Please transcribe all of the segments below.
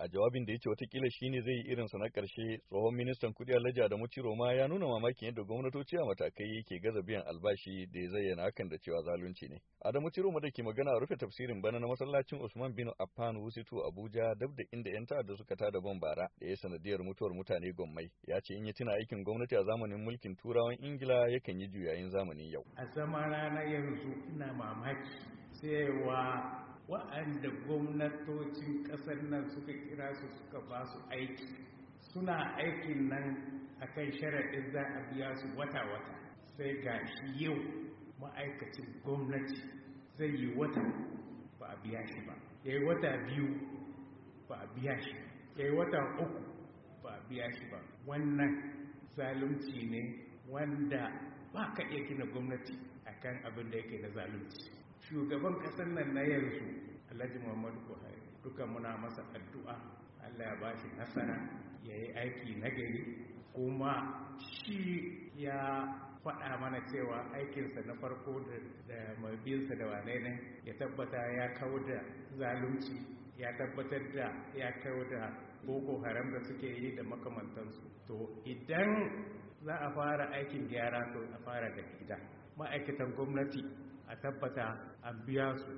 a jawabin da ya ce watakila shi ne zai yi irinsa na ƙarshe tsohon ministan Kuɗi alhaji da muciro ma ya nuna mamakin yadda gwamnatoci a matakai yake gaza biyan albashi da ya zayyana hakan da cewa zalunci ne adamu ciro da ke magana a rufe tafsirin bana na masallacin usman bin affan wusitu abuja dab da inda yan ta'adda suka tada ban bara da ya sanadiyar mutuwar mutane gwammai ya ce in ya tuna aikin gwamnati a zamanin mulkin turawan ingila yakan yi juyayin zamanin yau a zama yanzu ina mamaki cewa wa'anda gwamnatocin ƙasar nan suka kira su suka ba su aiki suna aikin nan akan sharaɗin za a biya su wata-wata sai ga shi yau ma'aikacin gwamnati zai yi wata ba a biya shi ba ya yi wata biyu ba a biya shi ya yi wata uku ba a biya shi ba wannan zalunci ne wanda ba ka iya gina gwamnati akan abin da yake na zalunci shugaban ƙasar nan na yanzu alhaji muhammadu buhari duka muna masa addu'a allah ya bashi nasara ya yi aiki nagari kuma shi ya faɗa mana cewa aikinsa na farko da mabinsa da wane ne ya tabbata ya kawo da zalunci ya tabbatar da ya kawo da boko haram da suke yi da makamantansu to idan za a fara aikin gyara to a fara da gida ma'aikatan gwamnati a tabbata an biya su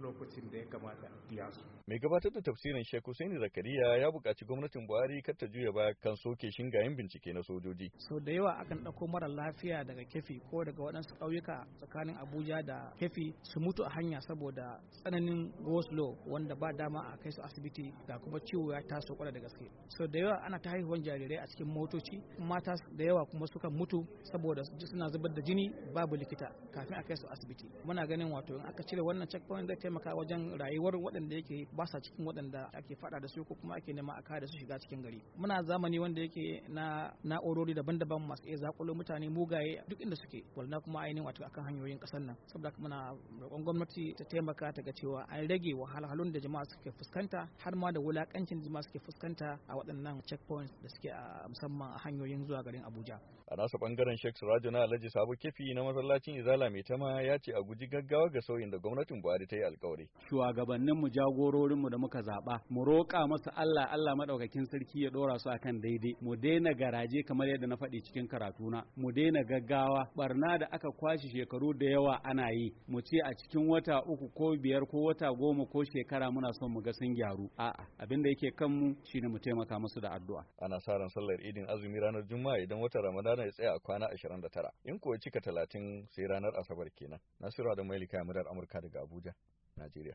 lokacin da ya kamata a biya su. Mai gabatar da tafsirin Sheikh Hussaini Zakariya ya buƙaci gwamnatin Buhari kar ta juya baya kan soke shingayen bincike na sojoji. sau da yawa akan ɗauko mara lafiya daga kefi ko daga waɗansu ƙauyuka tsakanin Abuja da kefi su mutu a hanya saboda tsananin goslo wanda ba dama a kai su asibiti ga kuma ciwo ya taso kwada da gaske. So da yawa ana ta haihuwan jarirai a cikin motoci mata da yawa kuma suka mutu saboda suna zubar da jini babu likita kafin a kai su asibiti. Muna ganin wato in aka cire wannan checkpoint zai taimaka wajen rayuwar waɗanda yake ba sa cikin waɗanda ake faɗa da su ko kuma ake nema a kare su shiga cikin gari muna zamani wanda yake na na'urori daban-daban masu iya zakulo mutane mugaye duk inda suke walna kuma ainihin wato akan hanyoyin ƙasar nan saboda muna roƙon gwamnati ta taimaka ta ga cewa an rage wahalhalun da jama'a suke fuskanta har ma da wulakancin jama'a suke fuskanta a waɗannan checkpoints da suke a musamman a hanyoyin zuwa garin Abuja a nasa bangaren Sheikh na Alhaji Sabo Kefi na masallacin Izala mai tama ya ce a guji gaggawa ga sauyin da gwamnatin Buhari ta yi alkawari jagororin mu da muka zaba mu roƙa masa Allah Allah madaukakin sarki ya dora su akan daidai mu daina garaje kamar yadda na faɗi cikin karatuna mu daina gaggawa barna da aka kwashi shekaru da yawa ana yi mu ce a cikin wata uku ko biyar ko wata goma ko shekara muna son mu ga sun gyaru a'a abin da yake kan kanmu shine mu taimaka masu da addu'a ana sa ran sallar idin azumi ranar juma'a idan wata ramadana ya tsaya a kwana 29 in kuwa cika talatin sai ranar asabar kenan nasiru da mailika murar amurka daga abuja 那几点？